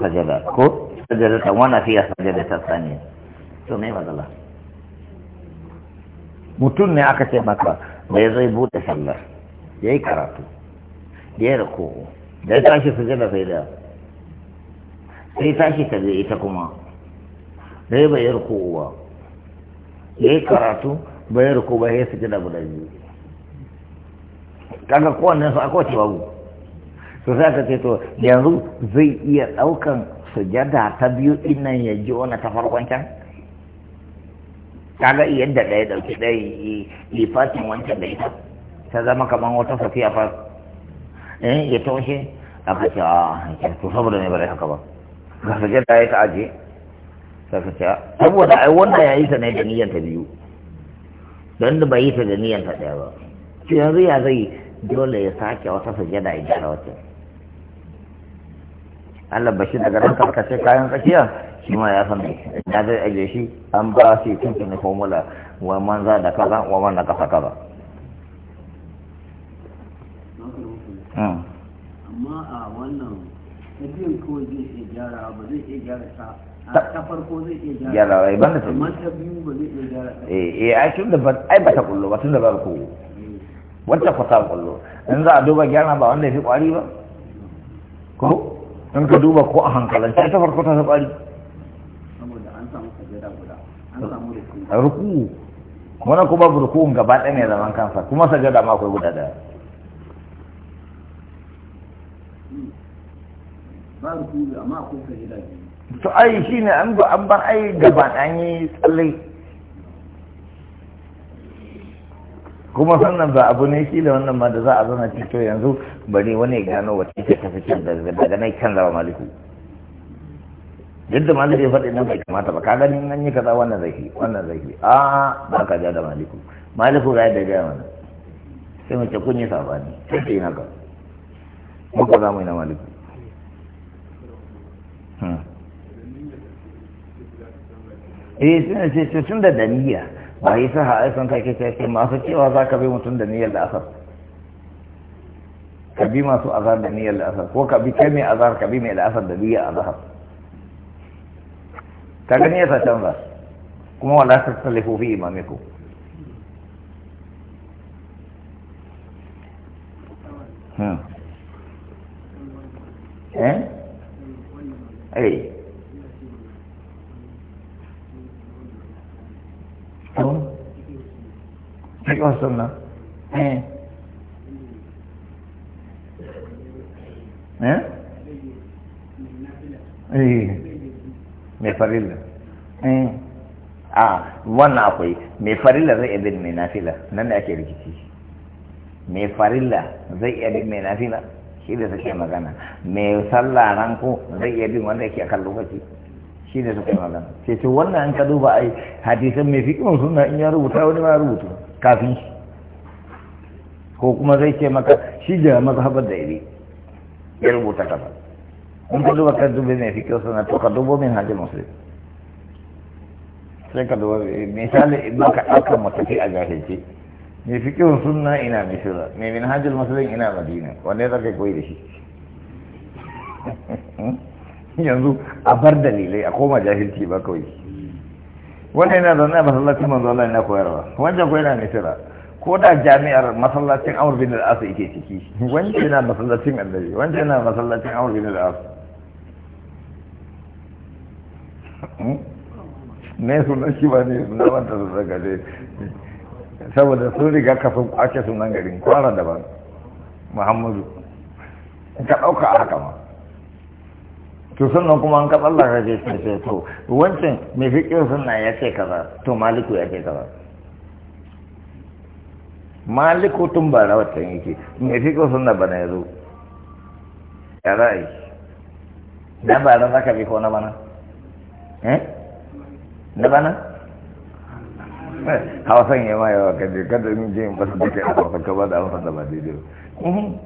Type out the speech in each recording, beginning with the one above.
sajada ko sajada ta wana a sajada ta saniya to me matsala mutum ne aka ce maka da zai bude sallar ya yi karatu da ya rako da ya tashi sajada sai da sai tashi ta zai ita kuma sai bai yi rako ba ya yi karatu bai yi rako ba ya yi sajada guda biyu kaga kowanne su akwai babu to za ka ce to yanzu zai iya ɗaukan sujada ta biyu ɗin nan ya ji wani ta farkon can kaga yadda ɗaya ɗauki ɗaya yi fatin wancan da ita ta zama kamar wata safiya fa eh ya toshe ka ce ah, a to saboda me bare haka ba ga sujada ya ta aje ka ce ah, saboda ai wanda ya yi ta ne da niyyar ta biyu don da bai yi ta da niyyar ta ɗaya ba yanzu ya zai dole ya sake wata sujada ya gyara wata Allah bashi daga ran karkace kayan tsakiya shi ma ya san da zai aje shi an ba shi tuntuni formula wa man za da kaza wa man na kaza kaza hmm. amma a wannan tafiyan kawai zai iya gyara ba zai iya gyara ta ta farko zai iya gyara ba ta biyu ba zai iya gyara ta eh eh ai tun da ba ai ba ta kullu ba tun da ba ko wata fata kwallo in za a duba gyara ba wanda ya fi kwari ba ko in ka duba ko a hankalance ta farko ta fi A ruku wani kuma rukun gaba ɗaya ne zaman kansa kuma sajada ma akwai guda daya hmm. to ai shine an bar ai gaba yi tsalle kuma sannan ba abu ne shi da wannan ma da za a zana cikin to yanzu bari wani ya gano wata ce tafi can daga nan can zama maliki yadda maliku ya faɗi nan bai kamata ba ka gani an yi kaza wannan zai wannan zai a ba ka ja da maliku maliku ga yadda gaya mana sai mace kun yi sabani sai ce haka muka za mu yi na maliku hmm. eh suna ce sun da daniya ba yi sa ha'ai sun kai kai masu cewa za ka bi mutum da niyyar da asar ka bi masu azar da niyyar da asar ko ka bi kai mai azar ka bi mai da asar da a zahar ka gani ya sa canza kuma wala ta tsalifu fi imamiku hmm. eh eh wa sunna eh? eh eh mai farilla eh a ah, wannan akwai mai farilla zai ibin mai nafila nan da ake rikici mai farilla zai iya bin mai nafila shi da suke magana mai sallah ranko zai iya bin wanda yake kan lokaci shi da suke magana ce ce wannan an ka duba ai hadisan mai fiƙin suna in ya rubuta wani ma rubuta kafin shi ko kuma zai ce maka shi da mazhabar da iri ya rubuta kafa in ka duba kan dubi mai fikin sana to ka dubo min hajji musulun sai ka dubo eh, misali idan ka ɗaukar matafi a jahilci mai fikin sunna ina misira mai min hajji musulun ina madina wanda ya zaka koyi da shi yanzu a bar dalilai a koma jahilci ba kawai wanda yana zaune a masallacin manzo Allah yana koyarwa wancan ko yana misira ko da jami'ar masallacin Amr bin al-As yake ciki wancan yana masallacin Annabi wancan yana masallacin Amr bin al-As ne hmm? sunan shi ba ne na wanda su daga dai saboda sun riga kafin kwace sunan garin kwara daban Muhammadu ka ɗauka a haka ma to sannan kuma an ka tsallaka ce ce to wancan mai fiƙin sunna ya ce kaza to maliku ya ce kaza maliku tun ba rawatan yake mai fiƙin sunna bana ya zo ya ra'ayi na ba na zaka bi ko na bana eh na bana hausan ya ma yawa kaje kada in je in basu duka a kwasa kaba da amsa da ba daidai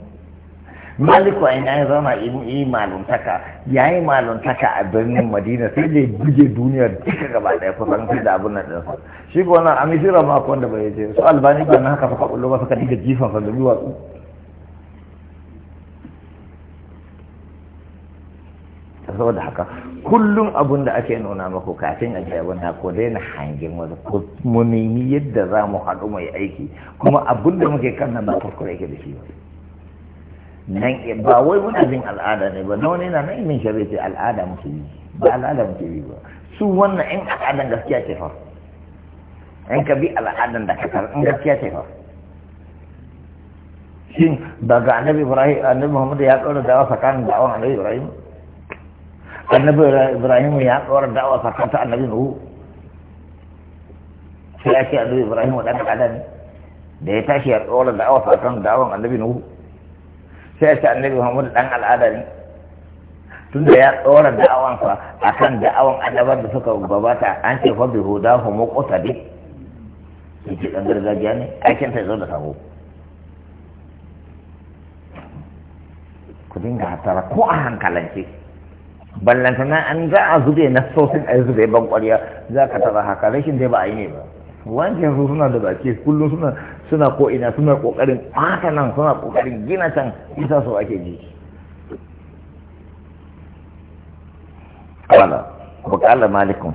maliku a ina ya zama yi maluntaka ya yi maluntaka a birnin madina sai dai buge duniya duka gaba daya kusan sai da abin nan ɗinsa shi ko na a misira ma ko wanda bai je su albani ba na haka suka kullu ba suka diga jifan sa da duwatsu saboda haka kullum abun da ake nuna maku kafin a ga wani ko na hangen wani ko mu nemi yadda za mu haɗu mai aiki kuma abun da muke kan nan ba kuskure yake da shi ba nan ba wai muna jin al'ada ne ba nawa ne na nan min shari'a ce al'ada muke yi ba al'ada muke yi ba su wannan in al'adan gaskiya ce fa in ka bi al'adan da ka in gaskiya ce fa shin daga annabi ibrahim annabi muhammad ya tsora dawa tsakanin da'awan annabi ibrahim annabi ibrahim ya tsora kan tsakanin annabi nuhu sai ya ce annabi ibrahim wadanda kadan da ya tashi ya tsora dawa tsakanin da'awan annabi nuhu sai ce annabi muhammadu dan al'ada ne tunda ya tsora da'awansa kan da'awan annabar da suka gabata an ce fa bihuda ne qasadi ce dan gargajiya ne aikin ta zo da sabo ku dinga hatara ko a hankalance ballantana an za a zube na sosin a zube ban kwariya za ka tara haka rashin dai ba a yi ne ba wancan su suna da baki kullum suna suna ko ina suna kokarin kwata nan suna kokarin gina can isa su ake ji qala wa qala malikun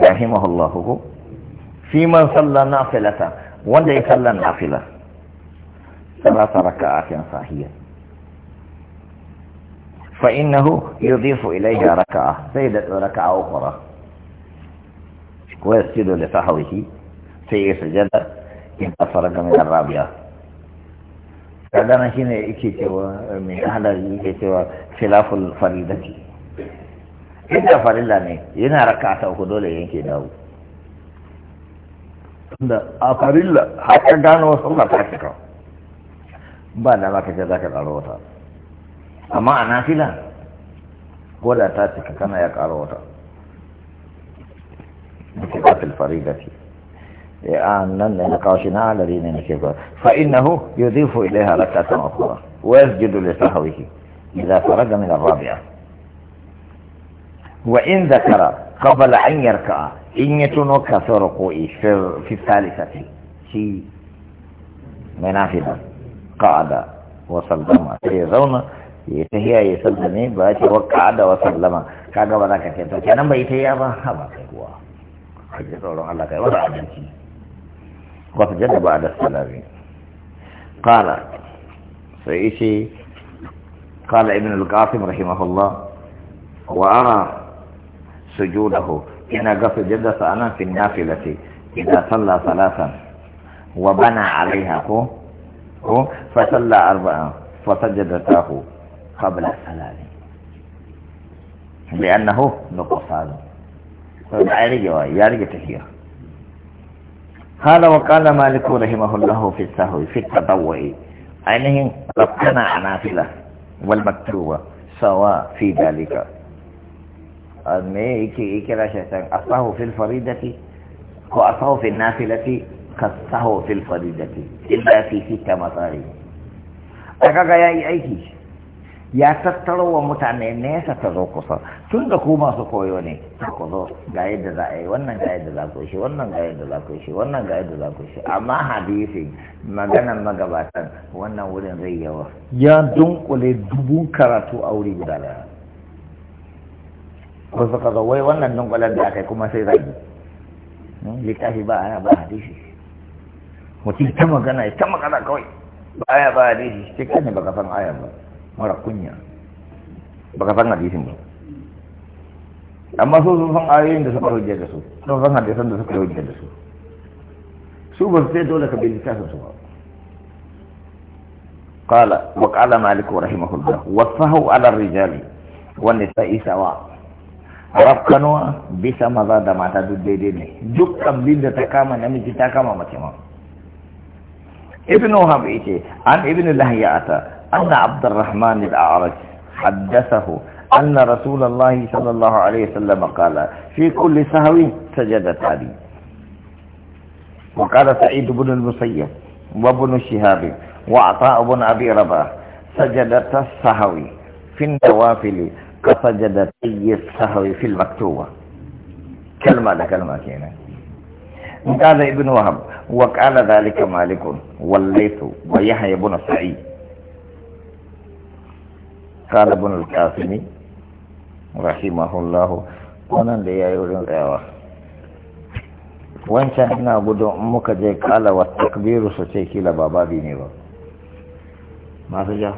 rahimahullahu ko fi man salla nafilata wanda ya salla nafila salasa raka'atin sahiya fa innahu yudhifu ilayhi raka'a sayyidat raka'a ukhra sai ويسجد لصحوه سيسجد إذا فرق من الرابعة kaga nan shine yake cewa mai hadari yake cewa khilaful faridati inda farilla ne yana raka ta uku dole yanke dawo tunda a farilla haka gano sallar ta cika ba da maka ce ka karo wata amma a nafila ko da ta cika kana ya karo wata بكتاب الفريضة يعني نقاشنا على دين الكبار فإنه يضيف إليها ركعة أخرى ويسجد لسهوه إذا فرغ من الرابعة وإن ذكر قبل أن يركع إن يتنو كثر في, في الثالثة في منافذة قعد وسلم سيزون يتهيا يسلمي باتي وقعد وسلم كاغا ولا كتي تو كان ما يتهيا با هبا كوا حديث روح الله كي وضع جنسي قف جنة بعد السلامين قال سيئسي قال ابن القاسم رحمه الله وأرى سجوده إن قف جنة أنا في النافلة إذا صلى ثلاثا وبنى عليها هو هو فصلى أربعا فسجدتاه قبل السلام لأنه نقصان فبعيني يعني هذا وقال مالك رحمه الله في السهو في التطوع عينه ربنا عنافلة والمكتوبة سواء في ذلك أمي إكي لا شيء في الفريدة هو أصاه في النافلة كصاه في الفريدة إلا في ستة مصاري أكا قايا إيكي ya tattaro wa mutane nesa ta zo kusa tun da ku masu koyo ne ku zo ga yadda za a yi wannan ga yadda za ku shi wannan ga yadda za ku shi wannan ga yadda za ku shi amma hadisi maganan magabatan wannan wurin zai yawa ya dunkule dubun karatu a wuri guda daya ko suka zo wai wannan dunkulen da aka yi kuma sai zagi hmm, littafi ba ana ba hadisi mutum ta magana ta magana kawai ba a ba hadisi cikin ne baka san ayan ba mara kunya baka san hadisin ba amma so sun san ayoyin da suka hujja da su sun san hadisan da suka hujja da su su ba su sai dole ka bi qala su ba قال rahimahullah wa رحمه ala rijal wa الرجال والنساء سواء rafkanuwa bisa maza da mata duk daidai ne duk kamlin da ta kama namiji ta kama mace ma ibnu wahab ce, an ibnu lahiya ata أن عبد الرحمن الأعرج حدثه أن رسول الله صلى الله عليه وسلم قال في كل سهو سجدت علي وقال سعيد بن المسيب وابن الشهاب وعطاء بن أبي رباح سجدت السهو في النوافل كسجدت أي السهو في المكتوبة كلمة لكلمة كينا قال ابن وهب وقال ذلك مالك والليث ويحيى بن سعيد قال ابن القاسم رحمه الله wannan da ya yi wurin tsayawa wancan ina gudun muka je kala wa takbiru su ne ba masu ja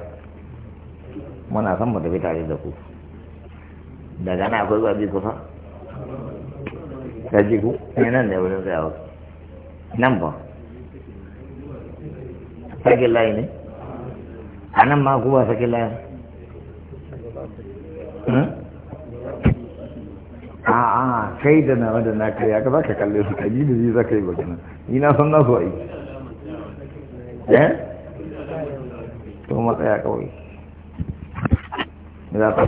muna san mu tafi tare da ku daga na akwai babi kusa ta ji ku ne wurin tsayawa nan ba sakin layi ne a nan ma ku ba sakin layi Eh? a'a ah, ah, kai da nawa da kai ya ka zaka kalle su kaji da zai ka yi ba kina yi na san nasu ai eh to matsaya kawai za